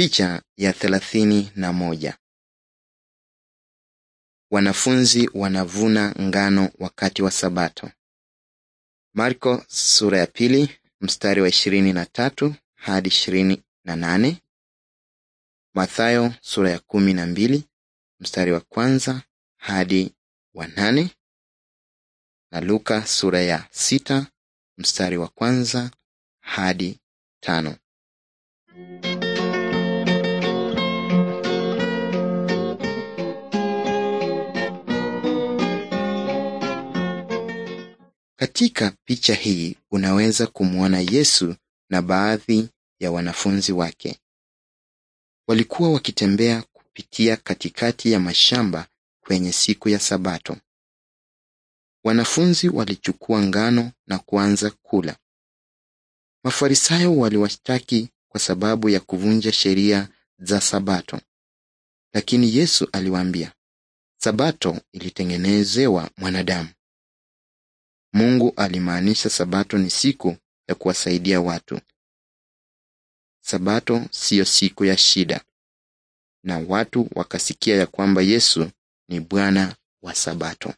Picha ya thelathini na moja. Wanafunzi wanavuna ngano wakati wa Sabato. Marko sura ya pili mstari wa ishirini na tatu hadi ishirini na nane. Mathayo sura ya kumi na mbili mstari wa kwanza hadi wa nane na Luka sura ya sita mstari wa kwanza hadi tano. Katika picha hii unaweza kumwona Yesu na baadhi ya wanafunzi wake. Walikuwa wakitembea kupitia katikati ya mashamba kwenye siku ya Sabato. Wanafunzi walichukua ngano na kuanza kula. Mafarisayo waliwashtaki kwa sababu ya kuvunja sheria za Sabato. Lakini Yesu aliwaambia, Sabato ilitengenezewa mwanadamu Mungu alimaanisha Sabato ni siku ya kuwasaidia watu. Sabato siyo siku ya shida, na watu wakasikia ya kwamba Yesu ni Bwana wa Sabato.